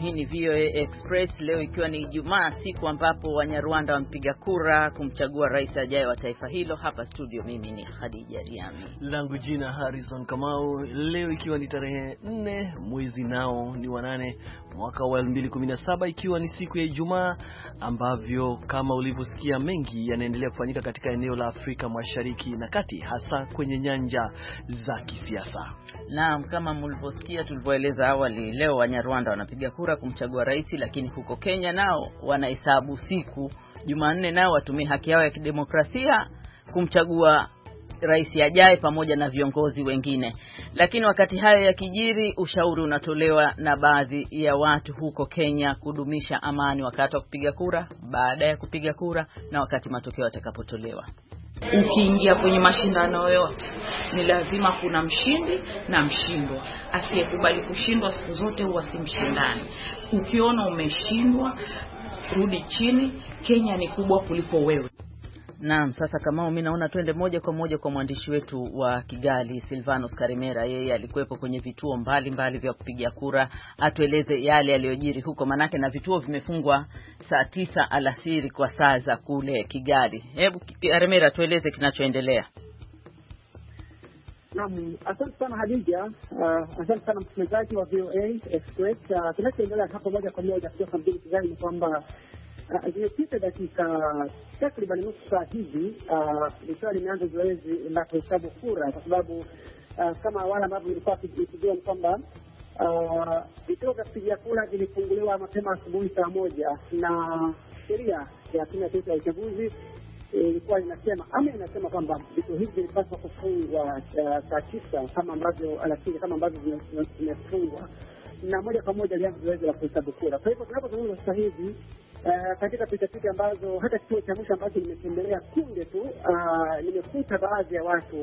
Hii ni VOA Express leo ikiwa ni Ijumaa, siku ambapo Wanyarwanda wampiga kura kumchagua rais ajaye wa taifa hilo. Hapa studio, mimi ni Khadija Riami, langu jina Harrison Kamau. Leo ikiwa ni tarehe nne mwezi nao ni wanane mwaka wa 2017 ikiwa ni siku ya Ijumaa ambavyo kama ulivyosikia mengi yanaendelea kufanyika katika eneo la Afrika Mashariki na Kati, hasa kwenye nyanja za kisiasa. Naam, kama mlivyosikia tulivyoeleza awali, leo Wanyarwanda wanapiga kura kura kumchagua rais, lakini huko Kenya nao wanahesabu siku Jumanne, nao watumie haki yao ya kidemokrasia kumchagua rais ajaye pamoja na viongozi wengine. Lakini wakati hayo ya kijiri ushauri unatolewa na baadhi ya watu huko Kenya kudumisha amani wakati wa kupiga kura, baada ya kupiga kura na wakati matokeo yatakapotolewa. Ukiingia kwenye mashindano yote ni lazima kuna mshindi na mshindwa. Asiyekubali kushindwa siku zote huwa si mshindani. Ukiona umeshindwa, rudi chini. Kenya ni kubwa kuliko wewe. Naam, sasa Kamau, mimi naona twende moja kwa moja kwa mwandishi wetu wa Kigali Silvanos Karemera. Yeye alikuwepo kwenye vituo mbalimbali mbali vya kupiga kura, atueleze yale yaliyojiri huko, manake na vituo vimefungwa saa tisa alasiri kwa saa za kule Kigali. Hebu Karemera, tueleze kinachoendelea. Naam, asante sana Hadija. Uh, asante sana msikilizaji wa VOA Express. Uh, kinachoendelea hapo moja kwa moja kutoka mjini Kigali ni kwamba Ah, zimepita dakika takriban nusu saa hivi ah, likiwa limeanza zoezi la kuhesabu kura, kwa sababu ah, kama awali ambavyo ilikuwa ikijua ni kwamba vituo vya kupigia kura vilifunguliwa mapema asubuhi saa moja na sheria ya Tume ya Taifa ya Uchaguzi eh, ilikuwa inasema ama inasema kwamba vituo hivi vilipaswa kufungwa saa tisa kama ambavyo alasiri kama ambavyo vimefungwa, na moja kwa moja alianza zoezi la kuhesabu kura. Kwa hivyo tunapozungumza sasa hivi Eh, katika pichapicha ambazo hata kituo cha mwisho ambacho nimetembelea kunde tu uh, nimekuta baadhi ya watu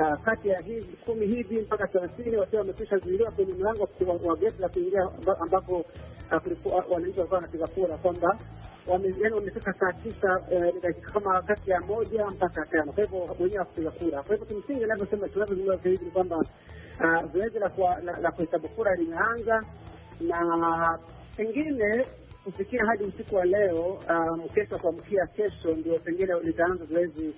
uh, kati ya hizi kumi hivi mpaka thelathini wakiwa wamekwisha zuiliwa kwenye mlango wa geti la kuingia ambapo wananchi walikuwa ah, wanapiga kura kwamba yaani wamefika saa tisa eh, ni dakika kama kati ya moja mpaka tano. Kwa hivyo wenyewe wakupiga kura. Kwa hivyo kimsingi, inavyosema tunavyozungumza sasa hivi ni kwamba zoezi la kuhesabu kura limeanza na pengine kufikia hadi usiku wa leo, um, kesho kuamkia kesho, ndio pengine litaanza zoezi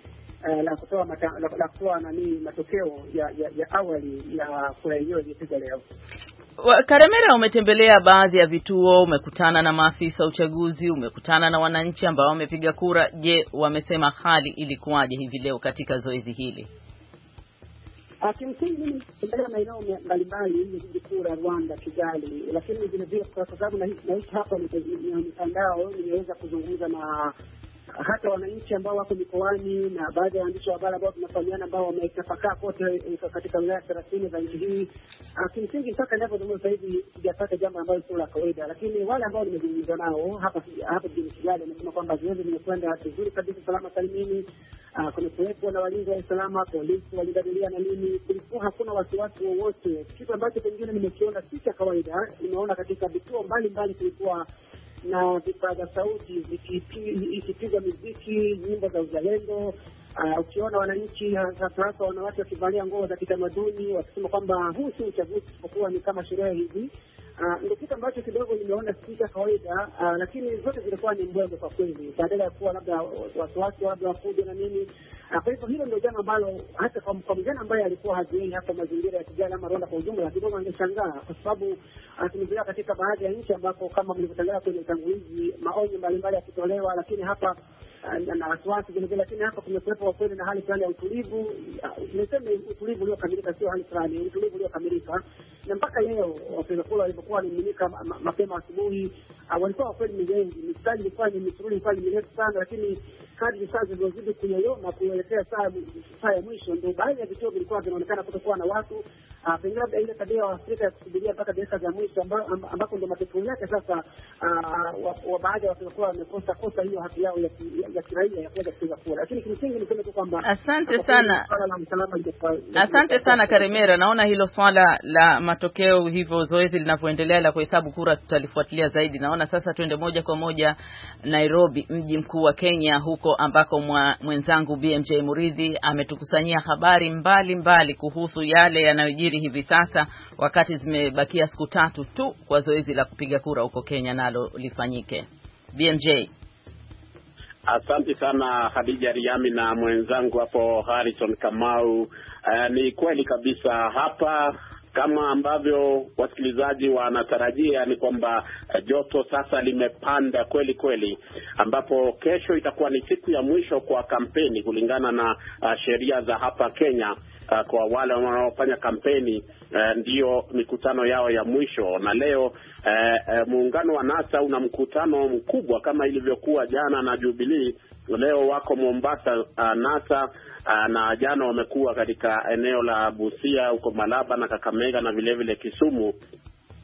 uh, la kutoa la kutoa nani matokeo ya, ya, ya awali ya kura hiyo iliyopigwa leo. Karemera, umetembelea baadhi ya vituo, umekutana na maafisa uchaguzi, umekutana na wananchi ambao wamepiga kura. Je, wamesema hali ilikuwaje hivi leo katika zoezi hili? Ah, kimsingi mbele maeneo mbalimbali jiji kuu la Rwanda, Kigali, lakini vilevile kwa sababu naishi hapa, ni mitandao nimeweza kuzungumza na hata wananchi ambao wako mikoani na baadhi ya waandishi wa habari ambao tunafahamiana ambao wametafakaa kote eh, katika wilaya thelathini za nchi hii. Ah, kimsingi, mpaka inavyozungumza sasa hivi sijapata jambo ambalo sio la kawaida, lakini wale ambao nimezungumza nao hapa hapa jijini Kigali wamesema kwamba zoezi limekwenda vizuri kabisa, salama salimini. Ah, kumekuwepo na walinzi wa usalama, polisi walidadilia na nini, kulikuwa hakuna wasiwasi wowote, kitu ambacho pengine nimekiona si cha kawaida. Nimeona katika vituo mbalimbali kulikuwa na vipaza sauti ikipiga miziki, nyimbo za uzalendo. Uh, ukiona wananchi hasa hasa wanawake wakivalia nguo za kitamaduni wakisema kwamba huu si uchaguzi, isipokuwa ni kama sherehe hivi Ah, ndio kitu ambacho kidogo nimeona si cha kawaida ah, lakini zote zilikuwa ni mbwembwe kwa kweli, badala ya kuwa labda wasiwasi labda wakuja na nini ah, kwa hivyo hilo ndio jambo ambalo hata kwa mjana ambaye alikuwa haziei hata mazingira ya kijana ama Rwanda kwa ujumla kidogo angeshangaa, kwa sababu tumezoea katika baadhi ya nchi ambapo kama mlivyotangaza kwenye utangulizi, maonyo mbalimbali yakitolewa, lakini hapa Eh, na wasiwasi vilevile, lakini hapa kumekuwepo kwa kweli na hali fulani ya utulivu. Niseme utulivu uliokamilika, sio hali fulani, utulivu uliokamilika. Na mpaka leo wapiga kura walipokuwa wanamiminika mapema asubuhi, ah, walikuwa kweli ni wengi, mistari ilikuwa ni misururi, ilikuwa ni mirefu sana, lakini kadri saa zilizozidi na kuelekea saa saa ya mwisho, ndio baadhi ya vituo vilikuwa vinaonekana kutokuwa na watu, ah, pengine labda ile tabia ya Waafrika ya kusubiria mpaka dakika za mwisho, ambapo ndio matokeo yake sasa ah, wa baadhi ya watu walikuwa wamekosa kosa hiyo haki yao ya kiraia ya kuweza kupiga kura. Lakini kimsingi niseme tu kwamba asante sana, asante sana Karemera. Naona hilo swala la matokeo hivyo, zoezi linavyoendelea la kuhesabu kura, tutalifuatilia zaidi. Naona sasa tuende moja kwa moja Nairobi, mji mkuu wa Kenya, huko ambako mwa, mwenzangu BMJ Muridhi ametukusanyia habari mbalimbali mbali kuhusu yale yanayojiri hivi sasa, wakati zimebakia siku tatu tu kwa zoezi la kupiga kura huko Kenya nalo lifanyike. BMJ. Asante sana Khadija Riami na mwenzangu hapo Harrison Kamau. Uh, ni kweli kabisa hapa kama ambavyo wasikilizaji wanatarajia ni kwamba eh, joto sasa limepanda kweli kweli, ambapo kesho itakuwa ni siku ya mwisho kwa kampeni kulingana na uh, sheria za hapa Kenya. Uh, kwa wale wanaofanya kampeni uh, ndiyo mikutano yao ya mwisho, na leo uh, uh, muungano wa NASA una mkutano mkubwa kama ilivyokuwa jana na Jubilee leo wako Mombasa uh, NASA uh, na jana wamekuwa katika eneo la Busia huko Malaba na Kakamega na vilevile Kisumu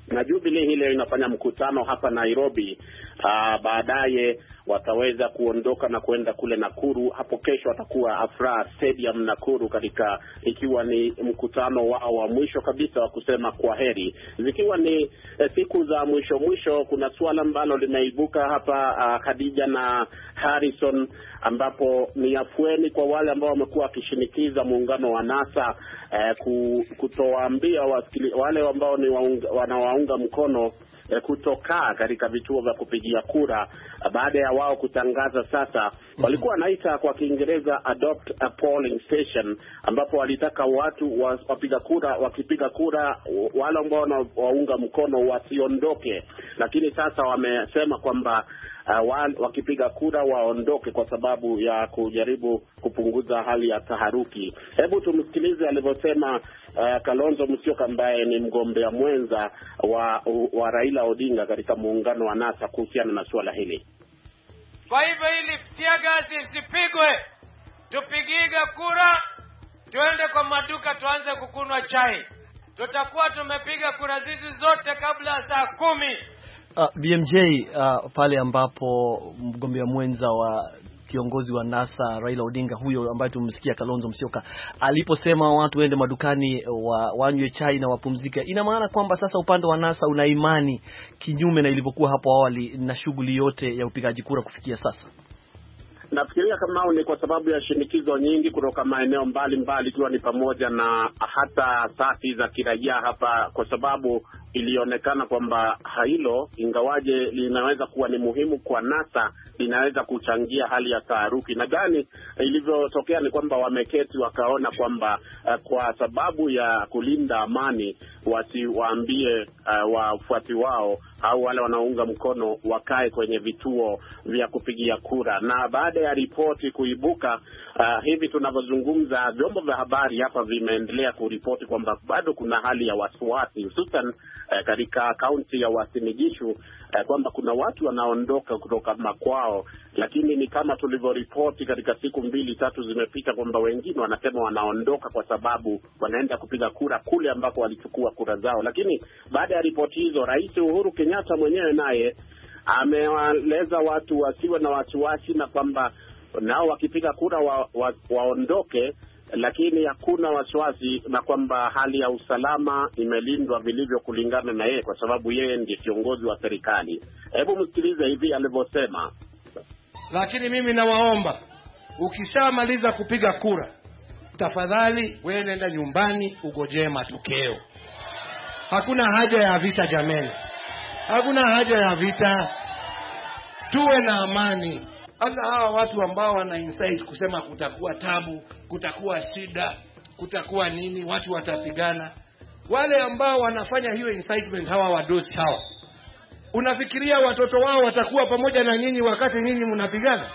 na Jubilee hii leo inafanya mkutano hapa Nairobi Ah, baadaye wataweza kuondoka na kwenda kule Nakuru. Hapo kesho watakuwa Afra Stadium Nakuru, katika ikiwa ni mkutano wao wa mwisho kabisa wa kusema kwa heri, zikiwa ni eh, siku za mwisho mwisho. Kuna suala ambalo limeibuka hapa uh, Khadija na Harrison, ambapo ni afueni kwa wale ambao wamekuwa wakishinikiza muungano wa NASA uh, kutowaambia wale ambao ni wanawaunga mkono Eh, kutokaa katika vituo vya kupigia kura baada ya wao kutangaza sasa Mm-hmm. walikuwa wanaita kwa Kiingereza adopt a polling station, ambapo walitaka watu wapiga kura, wakipiga kura wale ambao wanawaunga mkono wasiondoke, lakini sasa wamesema kwamba uh, wakipiga kura waondoke kwa sababu ya kujaribu kupunguza hali ya taharuki. Hebu tumsikilize alivyosema uh, Kalonzo Musyoka ambaye ni mgombea mwenza wa, wa Raila Odinga katika muungano wa NASA kuhusiana na suala hili kwa hivyo ili tia gazi isipigwe tupigiga kura tuende kwa maduka tuanze kukunwa chai tutakuwa tumepiga kura zizi zote kabla ya saa kumi. Uh, ah, BMJ uh, ah, pale ambapo mgombea mwenza wa kiongozi wa NASA Raila Odinga huyo ambaye tumemsikia Kalonzo Musyoka aliposema watu waende madukani eh, wa, wanywe chai na wapumzike, ina maana kwamba sasa upande wa NASA una imani kinyume na ilivyokuwa hapo awali na shughuli yote ya upigaji kura kufikia sasa. Nafikiria kama ni kwa sababu ya shinikizo nyingi kutoka maeneo mbalimbali, ikiwa mbali ni pamoja na hata asasi za kiraia hapa, kwa sababu ilionekana kwamba hilo ingawaje linaweza kuwa ni muhimu kwa NASA, linaweza kuchangia hali ya taharuki. Nadhani ilivyotokea ni kwamba wameketi wakaona kwamba uh, kwa sababu ya kulinda amani wasiwaambie uh, eh, wafuasi wao au wale wanaounga mkono wakae kwenye vituo vya kupigia kura. Na baada ya ripoti kuibuka, uh, hivi tunavyozungumza, vyombo vya habari hapa vimeendelea kuripoti kwamba bado kuna hali ya wasiwasi hususan eh, katika kaunti ya Wasinigishu eh, kwamba kuna watu wanaondoka kutoka makwao, lakini ni kama tulivyoripoti katika siku mbili tatu zimepita kwamba wengine wanasema wanaondoka kwa sababu wanaenda kupiga kura kule ambako walichukua kura zao. Lakini baada ya ripoti hizo, Rais Uhuru Kenyatta mwenyewe naye amewaeleza watu wasiwe na wasiwasi na kwamba nao wakipiga kura wa, wa, waondoke lakini hakuna wasiwasi na kwamba hali ya usalama imelindwa vilivyo, kulingana na yeye, kwa sababu yeye ndiye kiongozi wa serikali. Hebu msikilize hivi alivyosema. Lakini mimi nawaomba, ukishamaliza kupiga kura, tafadhali wewe nenda nyumbani ugojee matokeo. Hakuna haja ya vita jameni, hakuna haja ya vita, tuwe na amani. Hata hawa watu ambao wana insight kusema kutakuwa tabu, kutakuwa shida, kutakuwa nini, watu watapigana. Wale ambao wanafanya hiyo incitement, hawa wadosi hawa, unafikiria watoto wao watakuwa pamoja na nyinyi wakati nyinyi mnapigana?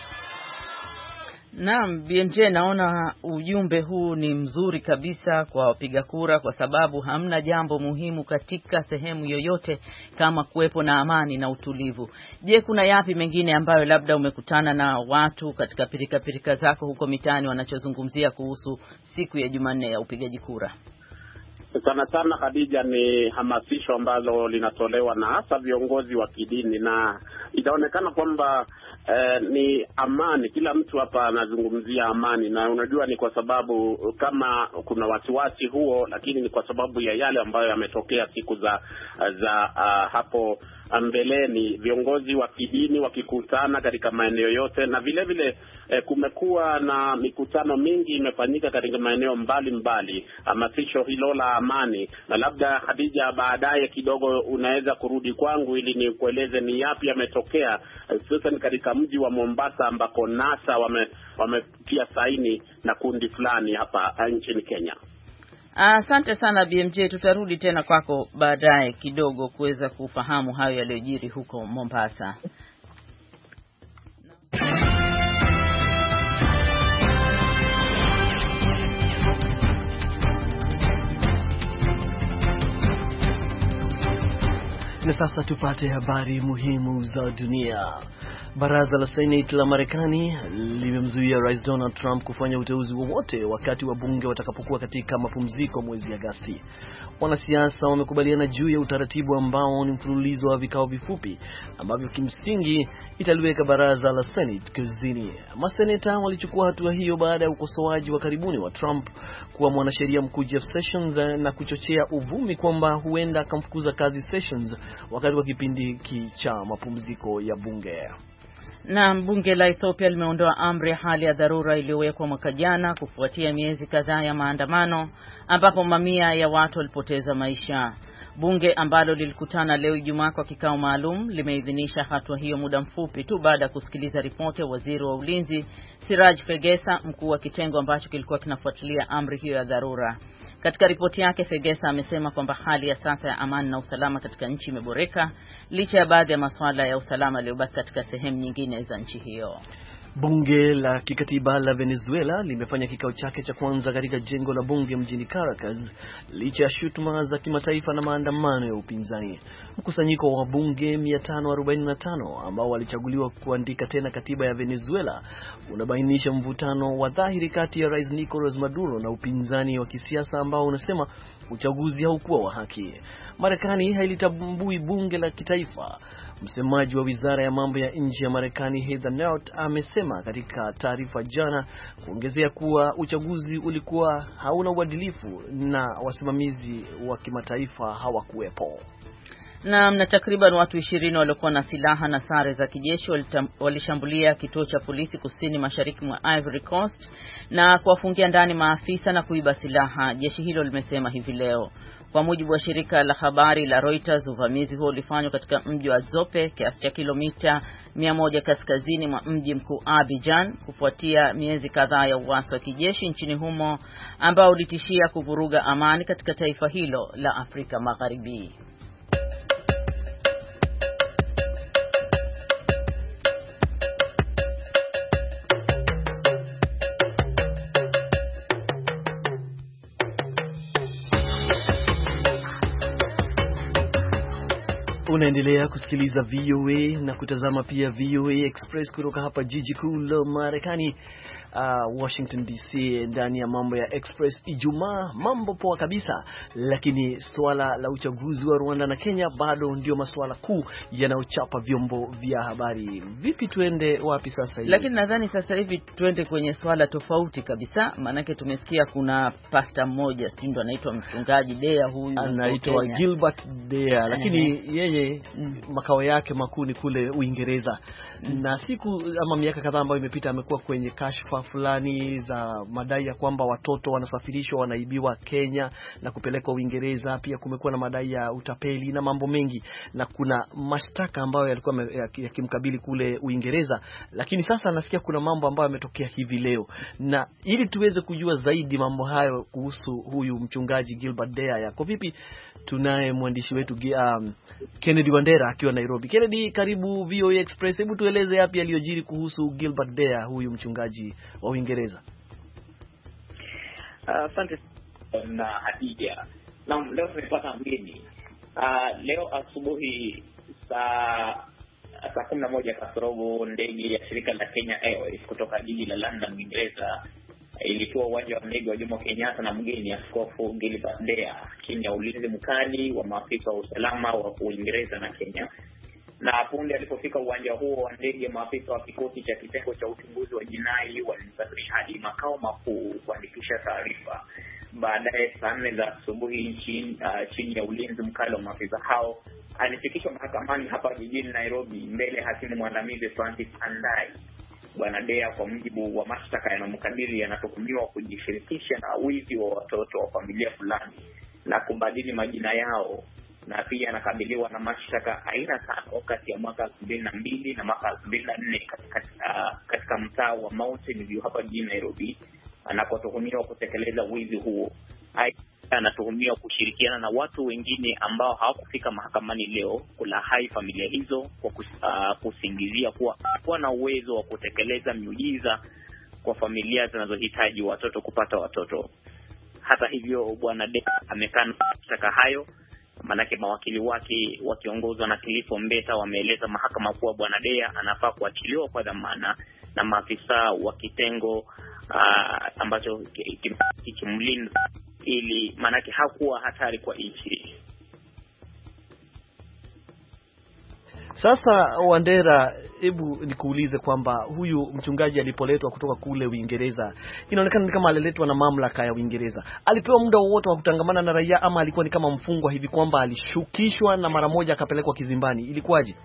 Naam, BMJ, naona ujumbe huu ni mzuri kabisa kwa wapiga kura, kwa sababu hamna jambo muhimu katika sehemu yoyote kama kuwepo na amani na utulivu. Je, kuna yapi mengine ambayo labda umekutana na watu katika pirikapirika pirika zako huko mitaani wanachozungumzia kuhusu siku ya Jumanne ya upigaji kura? Sana sana Khadija, ni hamasisho ambalo linatolewa na hasa viongozi wa kidini, na itaonekana kwamba eh, ni amani. Kila mtu hapa anazungumzia amani, na unajua ni kwa sababu kama kuna wasiwasi huo, lakini ni kwa sababu ya yale ambayo yametokea siku za za uh, hapo mbeleni, viongozi wa kidini wakikutana katika maeneo yote, na vile vile eh, kumekuwa na mikutano mingi imefanyika katika maeneo mbalimbali, hamasisho hilo la amani. Na labda Khadija, baadaye kidogo unaweza kurudi kwangu ili nikueleze ni yapi yametokea, hususan katika mji wa Mombasa ambako NASA wametia wame saini na kundi fulani hapa eh, nchini Kenya. Asante sana BMJ, tutarudi tena kwako baadaye kidogo kuweza kufahamu hayo yaliyojiri huko Mombasa. Na sasa tupate habari muhimu za dunia. Baraza la Senate la Marekani limemzuia Rais Donald Trump kufanya uteuzi wowote wakati wa bunge watakapokuwa katika mapumziko mwezi Agosti. Wanasiasa wamekubaliana juu ya utaratibu ambao ni mfululizo wa vikao vifupi ambavyo kimsingi italiweka baraza la Senate kuzini. Maseneta walichukua hatua hiyo baada ya ukosoaji wa karibuni wa Trump kuwa mwanasheria mkuu Jeff Sessions na kuchochea uvumi kwamba huenda akamfukuza kazi Sessions wakati wa kipindi hiki cha mapumziko ya bunge. Na bunge la Ethiopia limeondoa amri ya hali ya dharura iliyowekwa mwaka jana kufuatia miezi kadhaa ya maandamano ambapo mamia ya watu walipoteza maisha. Bunge ambalo lilikutana leo Ijumaa kwa kikao maalum limeidhinisha hatua hiyo muda mfupi tu baada ya kusikiliza ripoti ya waziri wa ulinzi Siraj Fegesa, mkuu wa kitengo ambacho kilikuwa kinafuatilia amri hiyo ya dharura. Katika ripoti yake, Fegesa amesema kwamba hali ya sasa ya amani na usalama katika nchi imeboreka licha ya baadhi ya masuala ya usalama yaliyobaki katika sehemu nyingine za nchi hiyo. Bunge la kikatiba la Venezuela limefanya kikao chake cha kwanza katika jengo la bunge mjini Caracas licha ya shutuma za kimataifa na maandamano ya upinzani. Mkusanyiko wa bunge 545 ambao walichaguliwa kuandika tena katiba ya Venezuela unabainisha mvutano wa dhahiri kati ya Rais Nicolas Maduro na upinzani wa kisiasa ambao unasema uchaguzi haukuwa wa haki. Marekani hailitambui bunge la kitaifa Msemaji wa wizara ya mambo ya nje ya Marekani Heather Nauert amesema katika taarifa jana, kuongezea kuwa uchaguzi ulikuwa hauna uadilifu na wasimamizi wa kimataifa hawakuwepo. Naam, na takriban watu ishirini waliokuwa na silaha na sare za kijeshi walishambulia kituo cha polisi kusini mashariki mwa Ivory Coast na kuwafungia ndani maafisa na kuiba silaha, jeshi hilo limesema hivi leo. Kwa mujibu wa shirika la habari la Reuters, uvamizi huo ulifanywa katika mji wa Zope kiasi cha kilomita 100 kaskazini mwa mji mkuu Abidjan, kufuatia miezi kadhaa ya uasi wa kijeshi nchini humo ambao ulitishia kuvuruga amani katika taifa hilo la Afrika Magharibi. Unaendelea kusikiliza VOA na kutazama pia VOA Express kutoka hapa jiji kuu la Marekani uh, Washington DC ndani ya mambo ya Express Ijumaa. Mambo poa kabisa, lakini suala la uchaguzi wa Rwanda na Kenya bado ndio masuala kuu yanayochapa vyombo vya habari. Vipi, tuende wapi sasa hivi? Lakini nadhani sasa hivi tuende kwenye swala tofauti kabisa, maanake tumesikia kuna pasta mmoja, sijui ndo anaitwa mchungaji Dea, huyu anaitwa Gilbert Dea, lakini yeye mm. makao yake makuu ni kule Uingereza, mm. na siku ama miaka kadhaa ambayo imepita amekuwa kwenye kashfa fulani za madai ya kwamba watoto wanasafirishwa wanaibiwa Kenya na kupelekwa Uingereza. Pia kumekuwa na madai ya utapeli na mambo mengi, na kuna mashtaka ambayo yalikuwa yakimkabili kule Uingereza, lakini sasa nasikia kuna mambo ambayo yametokea hivi leo, na ili tuweze kujua zaidi mambo hayo kuhusu huyu mchungaji Gilbert Deya, yako vipi, tunaye mwandishi wetu um, Kennedy Wandera akiwa Nairobi. Kennedy, karibu VOA e Express. Hebu tueleze yapi yaliyojiri kuhusu Gilbert Deya, huyu mchungaji wa Uingereza. Ah, asante uh, na Hadija. Naam, leo tumepata mgeni uh, leo asubuhi saa saa kumi na moja kasorobo ndege ya shirika la Kenya Airways kutoka jiji la London, Uingereza ilikuwa uwanja wa ndege wa Jomo Kenyatta na mgeni Askofu Gilbert Deya chini ya ulinzi mkali wa maafisa wa usalama wa Uingereza na Kenya na punde alipofika uwanja huo wa ndege, maafisa wa kikosi cha kitengo cha uchunguzi wa jinai walimsafiri hadi makao makuu kuandikisha taarifa. Baadaye saa nne za asubuhi chini, uh, chini ya ulinzi mkali wa maafisa hao alifikishwa mahakamani hapa jijini Nairobi mbele ya hakimu mwandamizi Francis Andai. Bwana Dea, kwa mujibu wa mashtaka yanamkabili, yanatuhumiwa kujishirikisha na wizi wa watoto wa familia fulani na kubadili majina yao na pia anakabiliwa na mashtaka aina tano kati ya mwaka elfu mbili na mbili na mwaka elfu mbili na nne katika, katika mtaa wa Mountain View hapa jijini Nairobi anakotuhumiwa kutekeleza wizi huo. Anatuhumiwa kushirikiana na watu wengine ambao hawakufika mahakamani leo kulahai familia hizo kwa ah, kusingizia kuwa kuwa na uwezo wa kutekeleza miujiza kwa familia zinazohitaji watoto kupata watoto. Hata hivyo, bwana amekana mashtaka hayo Maanake mawakili wake wakiongozwa na Kilifo Mbeta wameeleza mahakama kuwa bwana Dea anafaa kuachiliwa kwa dhamana na maafisa wa kitengo ah, ambacho kimlinda, ili maanake hakuwa hatari kwa nchi. Sasa Wandera, hebu nikuulize kwamba huyu mchungaji alipoletwa kutoka kule Uingereza, inaonekana ni kama aliletwa na mamlaka ya Uingereza. Alipewa muda wowote wa kutangamana na raia ama alikuwa ni kama mfungwa hivi kwamba alishukishwa na mara moja akapelekwa kizimbani? Ilikuwaje?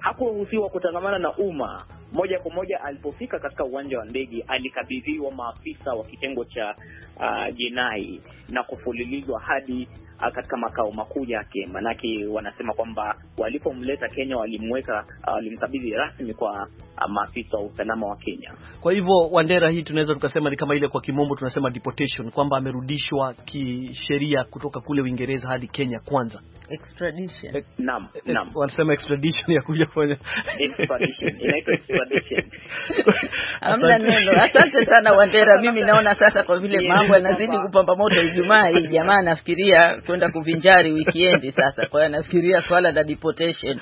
Hakuruhusiwa kutangamana na umma moja kwa moja. Alipofika katika uwanja wa ndege, alikabidhiwa maafisa wa kitengo cha uh, jinai na kufulilizwa hadi Uh, katika makao makuu yake, maanake wanasema kwamba walipomleta Kenya walimweka, uh, walimkabidhi rasmi kwa uh, maafisa wa usalama wa Kenya. Kwa hivyo Wandera, hii tunaweza tukasema ni kama ile kwa kimombo tunasema deportation, kwamba amerudishwa kisheria kutoka kule Uingereza hadi Kenya kwanza. Extradition. E, naam, eh, naam. Wanasema extradition ya kuja kufanya neno. Asante sana Wandera, mimi naona sasa kwa vile mambo yanazidi kupamba moto Ijumaa hii, jamaa nafikiria kwenda kuvinjari wikiendi sasa. Kwa hiyo nafikiria swala la deportation.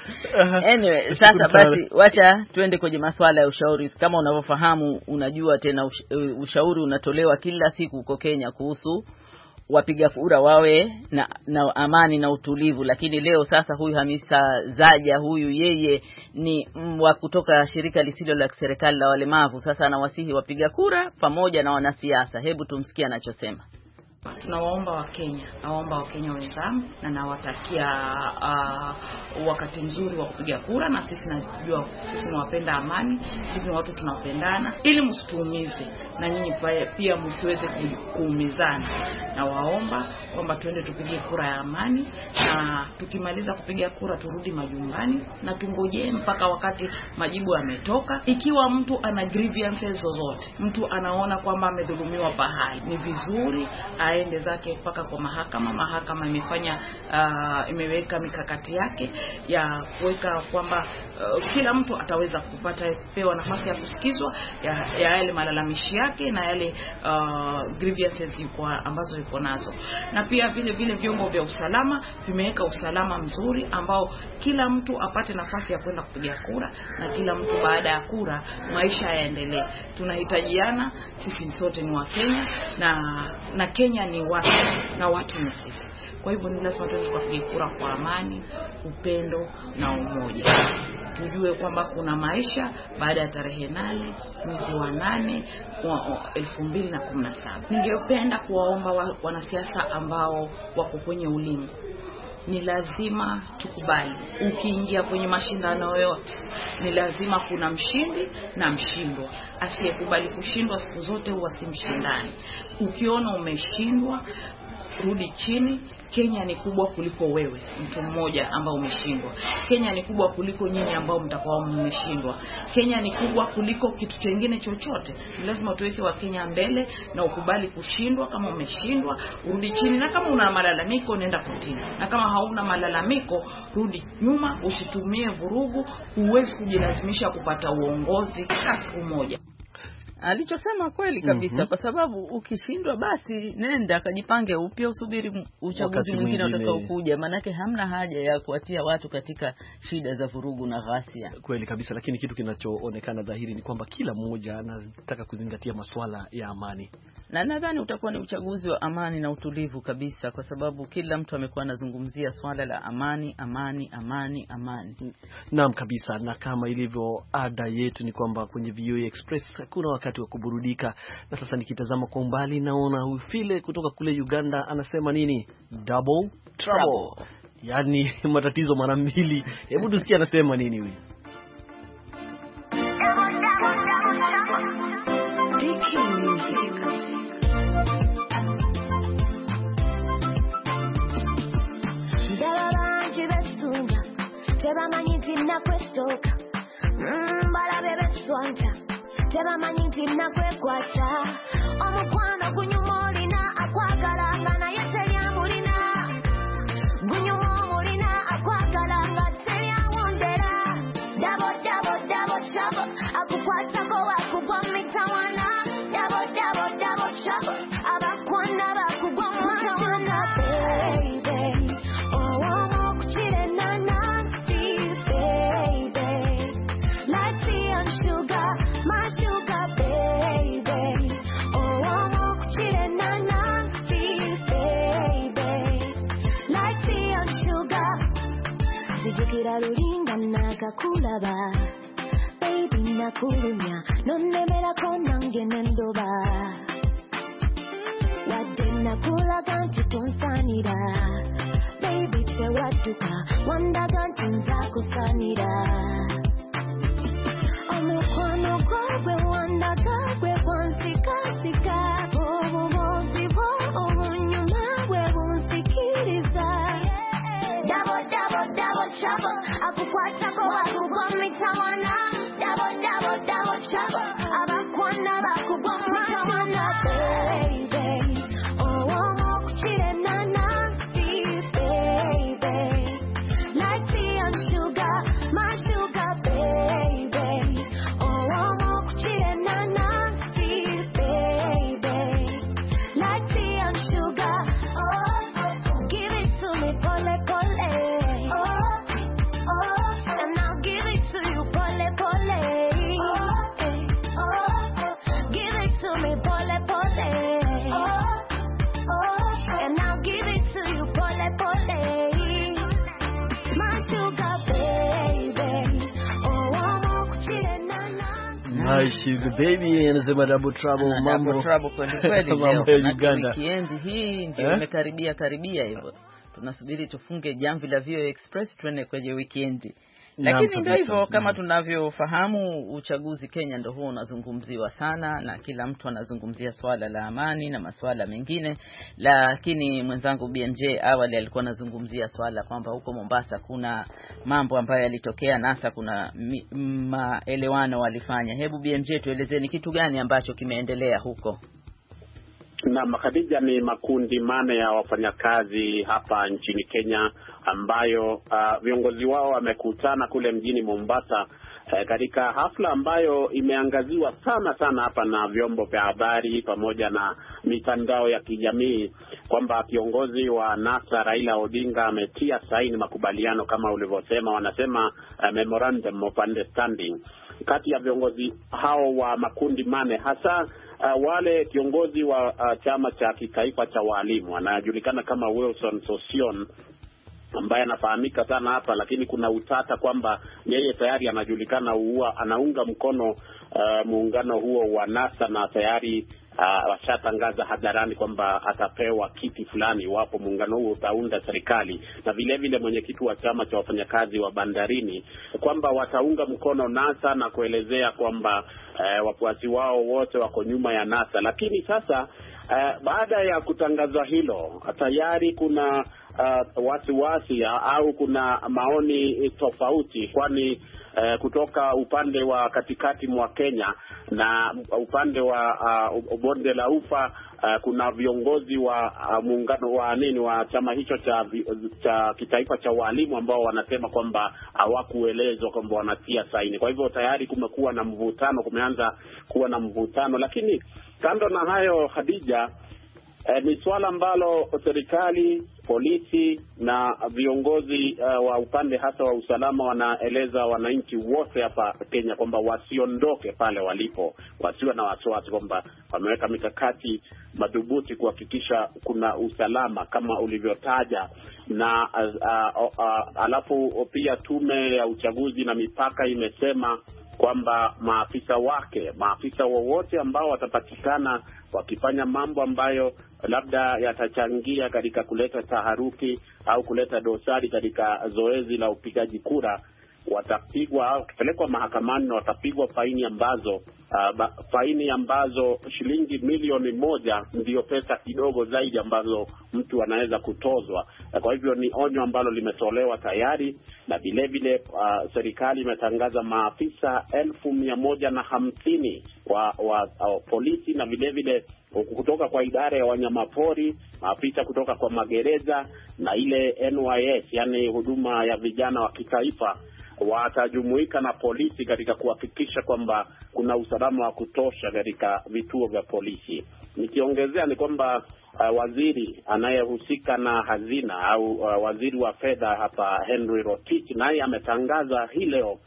Anyway, sasa basi wacha tuende kwenye masuala ya ushauri. Kama unavyofahamu, unajua tena uh, ushauri unatolewa kila siku huko Kenya kuhusu wapiga kura wawe na, na amani na utulivu. Lakini leo sasa, huyu Hamisa Zaja huyu yeye ni wa kutoka shirika lisilo la kiserikali la walemavu. Sasa anawasihi wapiga kura pamoja na wanasiasa. Hebu tumsikie anachosema. Tunawaomba Wakenya, nawaomba Wakenya wenzangu na nawatakia uh, wakati mzuri wa kupiga kura. Na sisi najua sisi nawapenda amani, sisi ni watu tunapendana, ili msituumize na nyinyi pia msiweze kuumizana. Nawaomba kwamba tuende tupige kura ya amani, na tukimaliza kupiga kura turudi majumbani na tungojee mpaka wakati majibu yametoka. Ikiwa mtu ana grievances zozote, mtu anaona kwamba amedhulumiwa pahali, ni vizuri aende zake mpaka kwa mahakama. Mahakama imefanya uh, imeweka mikakati yake ya kuweka kwamba uh, kila mtu ataweza kupata pewa nafasi ya kusikizwa ya yale malalamishi yake na yale uh, grievances kwa ambazo yuko nazo, na pia vile vile vyombo vya usalama vimeweka usalama mzuri ambao kila mtu apate nafasi ya kwenda kupiga kura na kila mtu baada ya kura maisha yaendelee. Tunahitajiana, sisi sote ni Wakenya na na Kenya Wakenya ni watu na watu ni sisi. Kwa hivyo ni lazima tuende tukapige kura kwa amani, upendo na umoja. Tujue kwamba kuna maisha baada ya tarehe nane mwezi wa nane elfu mbili na kumi na saba. Ningependa kuwaomba wanasiasa ambao wako kwenye ulingo ni lazima tukubali, ukiingia kwenye mashindano yote ni lazima kuna mshindi na mshindwa. Asiyekubali kushindwa siku zote huwa si mshindani. Ukiona umeshindwa rudi chini. Kenya ni kubwa kuliko wewe mtu mmoja ambao umeshindwa. Kenya ni kubwa kuliko nyinyi ambao mtakuwa mmeshindwa. Kenya ni kubwa kuliko kitu kingine chochote. Lazima tuweke Wakenya mbele na ukubali kushindwa. Kama umeshindwa, rudi chini, na kama una malalamiko nenda kotini, na kama hauna malalamiko rudi nyuma, usitumie vurugu. Huwezi kujilazimisha kupata uongozi kwa siku moja alichosema kweli mhm. kabisa mm -hmm. Kwa sababu ukishindwa, basi nenda kajipange upya, usubiri uchaguzi mwingine utakaokuja, maanake hamna haja ya kuatia watu katika shida za vurugu na ghasia. Kweli kabisa, lakini kitu kinachoonekana dhahiri ni kwamba kila mmoja anataka kuzingatia masuala ya amani, na nadhani utakuwa ni uchaguzi wa amani na utulivu kabisa, kwa sababu kila mtu amekuwa anazungumzia swala la amani, amani, amani, amani. Naam kabisa, na kama ilivyo ada yetu ni kwamba kwenye VOA e Express kuna wakati wakati wa kuburudika. Na sasa nikitazama kwa umbali, naona huyu file kutoka kule Uganda anasema nini? Double trouble, yaani matatizo mara mbili. Hebu tusikie anasema nini huyu. Tebamanyi zinnakwesooka mbalabe beswanta tema manyingi mnakwekwacha omukwano kunyuma 찌라루린가 나가쿠라 봐 베이비 나 구름이야 넌 내메라 건난게는 도봐 와드나 굴라간지 돈산이라 베이비 때 와드가 완다간지 자쿠산이라 어느 과노 과괴 완다가 괴 원시가 시가 watakowa oh, kukwamita mwana She's the baby anasema double trouble, mambo trouble kweli Mambo ya Uganda Kiendi hii ndio eh, imekaribia karibia hivyo, tunasubiri tufunge jamvi la Vio Express tuende kwenye weekend. Lakini ndio hivyo, kama tunavyofahamu, uchaguzi Kenya ndio huo unazungumziwa sana, na kila mtu anazungumzia swala la amani na masuala mengine. Lakini mwenzangu BMJ awali alikuwa anazungumzia swala kwamba huko Mombasa kuna mambo ambayo yalitokea, nasa kuna maelewano walifanya. Hebu BMJ, tueleze ni kitu gani ambacho kimeendelea huko? na Khadija, ni makundi mane ya wafanyakazi hapa nchini Kenya ambayo uh, viongozi wao wamekutana kule mjini Mombasa uh, katika hafla ambayo imeangaziwa sana sana hapa na vyombo vya habari pamoja na mitandao ya kijamii kwamba kiongozi wa NASA Raila Odinga ametia saini makubaliano kama ulivyosema, wanasema uh, memorandum of understanding kati ya viongozi hao wa makundi mane hasa Uh, wale kiongozi wa uh, chama cha kitaifa cha waalimu anajulikana kama Wilson Sosion ambaye anafahamika sana hapa, lakini kuna utata kwamba yeye tayari anajulikana huwa anaunga mkono uh, muungano huo wa NASA na tayari washatangaza eh, uh, hadharani kwamba atapewa kiti fulani iwapo muungano huo utaunda serikali, na vilevile mwenyekiti wa chama cha wafanyakazi wa bandarini kwamba wataunga mkono NASA na kuelezea kwamba uh, wafuasi wao wote wako nyuma ya NASA. Lakini sasa uh, baada ya kutangazwa hilo tayari kuna uh, wasiwasi uh, au kuna maoni tofauti, kwani uh, kutoka upande wa katikati mwa Kenya na upande wa uh, bonde la Ufa uh, kuna viongozi wa uh, muungano wa nini wa chama hicho cha, cha kitaifa cha walimu ambao wanasema kwamba hawakuelezwa kwamba wanatia saini. Kwa hivyo tayari kumekuwa na mvutano, kumeanza kuwa na mvutano, lakini kando na hayo Khadija, eh, ni swala ambalo serikali polisi na viongozi uh, wa upande hasa wa usalama wanaeleza wananchi wote hapa Kenya kwamba wasiondoke pale walipo, wasiwe na wasiwasi kwamba wameweka mikakati madhubuti kuhakikisha kuna usalama kama ulivyotaja na uh, uh, uh, alafu pia tume ya uchaguzi na mipaka imesema kwamba maafisa wake, maafisa wowote ambao watapatikana wakifanya mambo ambayo labda yatachangia katika kuleta taharuki au kuleta dosari katika zoezi la upigaji kura watapigwa au wakipelekwa mahakamani na watapigwa faini ambazo uh, ba, faini ambazo shilingi milioni moja ndiyo pesa kidogo zaidi ambazo mtu anaweza kutozwa. Kwa hivyo ni onyo ambalo limetolewa tayari, na vilevile uh, serikali imetangaza maafisa elfu mia moja na hamsini wa, wa, wa uh, polisi na vilevile kutoka kwa idara ya wanyamapori, maafisa kutoka kwa magereza na ile NYS, yani huduma ya vijana wa kitaifa watajumuika na polisi katika kuhakikisha kwamba kuna usalama wa kutosha katika vituo vya polisi. Nikiongezea ni kwamba uh, waziri anayehusika na hazina au uh, waziri wa fedha hapa Henry Rotich naye ametangaza hii leo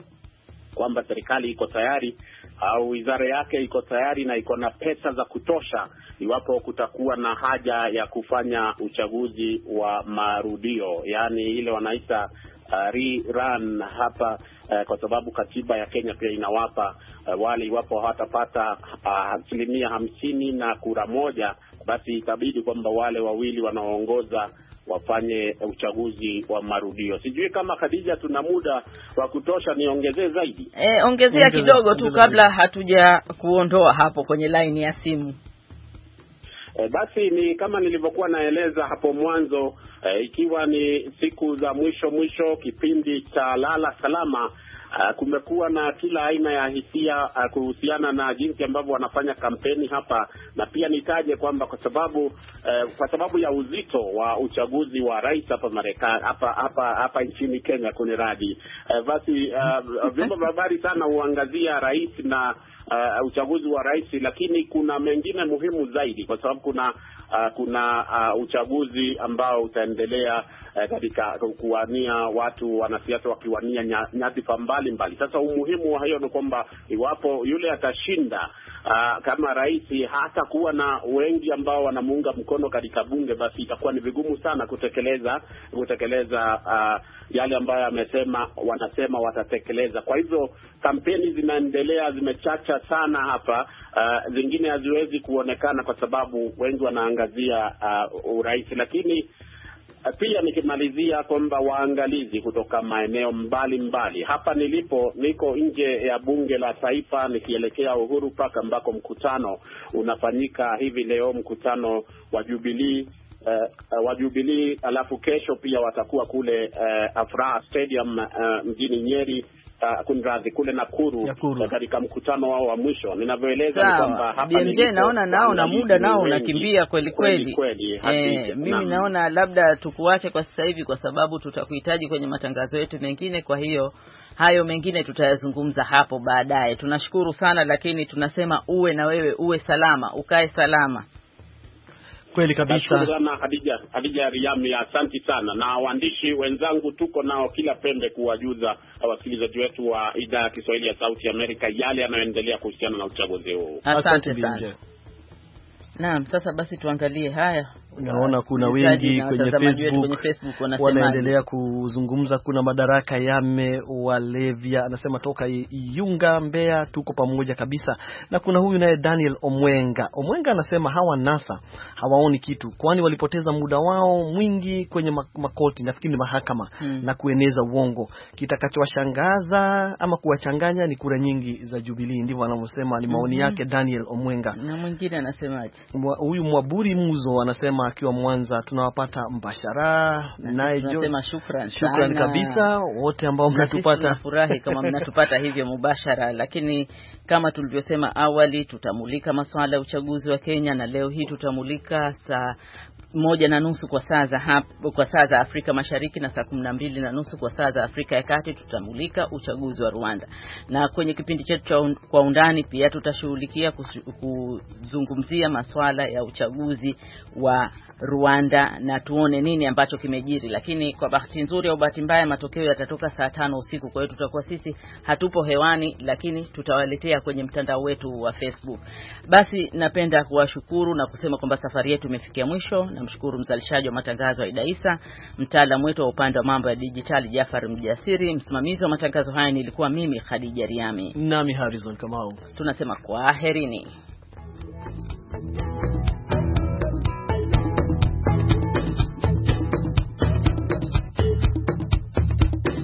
kwamba serikali iko tayari au wizara yake iko tayari na iko na pesa za kutosha iwapo kutakuwa na haja ya kufanya uchaguzi wa marudio, yaani ile wanaita uh, rerun hapa uh, kwa sababu katiba ya Kenya pia inawapa uh, wale iwapo hawatapata uh, asilimia uh, hamsini na kura moja, basi itabidi kwamba wale wawili wanaoongoza wafanye uchaguzi wa marudio. Sijui kama Khadija, tuna muda wa kutosha, niongezee zaidi? E, ongezea kidogo tu kabla hatuja kuondoa hapo kwenye laini ya simu. E, basi ni kama nilivyokuwa naeleza hapo mwanzo e, ikiwa ni siku za mwisho mwisho kipindi cha lala salama Uh, kumekuwa na kila aina ya hisia uh, kuhusiana na jinsi ambavyo wanafanya kampeni hapa, na pia nitaje kwamba kwa sababu uh, kwa sababu ya uzito wa uchaguzi wa rais hapa Marekani hapa hapa hapa nchini Kenya kwenye radi uh, basi uh, vyombo vya habari sana huangazia rais na Uh, uchaguzi wa rais, lakini kuna mengine muhimu zaidi, kwa sababu kuna uh, kuna uh, uchaguzi ambao utaendelea uh, katika kuwania watu wanasiasa wakiwania nyadhifa mbalimbali. Sasa umuhimu wa hiyo ni kwamba iwapo yule atashinda uh, kama rais hata kuwa na wengi ambao wanamuunga mkono katika bunge, basi itakuwa ni vigumu sana kutekeleza kutekeleza uh, yale ambayo amesema wanasema watatekeleza. Kwa hivyo kampeni zinaendelea, zimechacha sana hapa uh, zingine haziwezi kuonekana kwa sababu wengi wanaangazia uh, urais, lakini Eh, pia nikimalizia kwamba waangalizi kutoka maeneo mbalimbali mbali. Hapa nilipo niko nje ya bunge la taifa nikielekea Uhuru Park ambako mkutano unafanyika hivi leo, mkutano wa Jubilee Uh, wa Jubilee alafu kesho pia watakuwa kule uh, eh, Afraha Stadium uh, mjini Nyeri uh, kunradhi kule Nakuru uh, katika mkutano wao wa mwisho. Ninavyoeleza ni kwamba hapa BMJ naona nao na muda nao unakimbia kweli kweli. Eh, mimi naona labda tukuache kwa sasa hivi, kwa sababu tutakuhitaji kwenye matangazo yetu mengine. Kwa hiyo hayo mengine tutayazungumza hapo baadaye. Tunashukuru sana, lakini tunasema uwe na wewe uwe salama, ukae salama. Kweli kabisa. sana Hadija, Hadija Riami, asanti sana. Na waandishi wenzangu, tuko nao kila pembe kuwajuza wasikilizaji wetu wa idhaa ya Kiswahili ya Sauti Amerika yale yanayoendelea kuhusiana na uchaguzi huu. Asante sana. Naam, sasa basi tuangalie haya naona kuna wengi kwenye Facebook, Facebook wanaendelea kuzungumza, kuna madaraka yamewalevya. Anasema toka Iyunga Mbeya, tuko pamoja kabisa. Na kuna huyu naye Daniel Omwenga, Omwenga anasema hawa NASA hawaoni kitu, kwani walipoteza muda wao mwingi kwenye makoti, nafikiri ni mahakama hmm, na kueneza uongo. Kitakachowashangaza ama kuwachanganya ni kura nyingi za Jubilee, ndivyo anavyosema. Ni maoni hmm. yake Daniel Omwenga. Na mwingine anasemaje? Huyu Mwaburi Muzo anasema akiwa Mwanza, tunawapata mbashara naye Juma. Shukran kabisa wote ambao mnatupata, Furahi kama mnatupata hivyo mubashara. Lakini kama tulivyosema awali, tutamulika masuala ya uchaguzi wa Kenya, na leo hii tutamulika saa moja na nusu kwa saa za hap, kwa saa za Afrika Mashariki na saa kumi na mbili na nusu kwa saa za Afrika ya Kati tutamulika uchaguzi wa Rwanda, na kwenye kipindi chetu cha kwa undani pia tutashughulikia kuzungumzia masuala ya uchaguzi wa Rwanda na tuone nini ambacho kimejiri, lakini kwa bahati nzuri au bahati mbaya matokeo yatatoka saa tano usiku. Kwa hiyo tutakuwa sisi hatupo hewani, lakini tutawaletea kwenye mtandao wetu wa Facebook. Basi napenda kuwashukuru na kusema kwamba safari yetu imefikia mwisho. Namshukuru mzalishaji wa matangazo Aida Isa, mtaalam wetu wa upande wa mambo ya dijitali Jafar Mjasiri, msimamizi wa matangazo haya nilikuwa mimi Khadija Riami nami Harrison Kamau, tunasema kwaherini.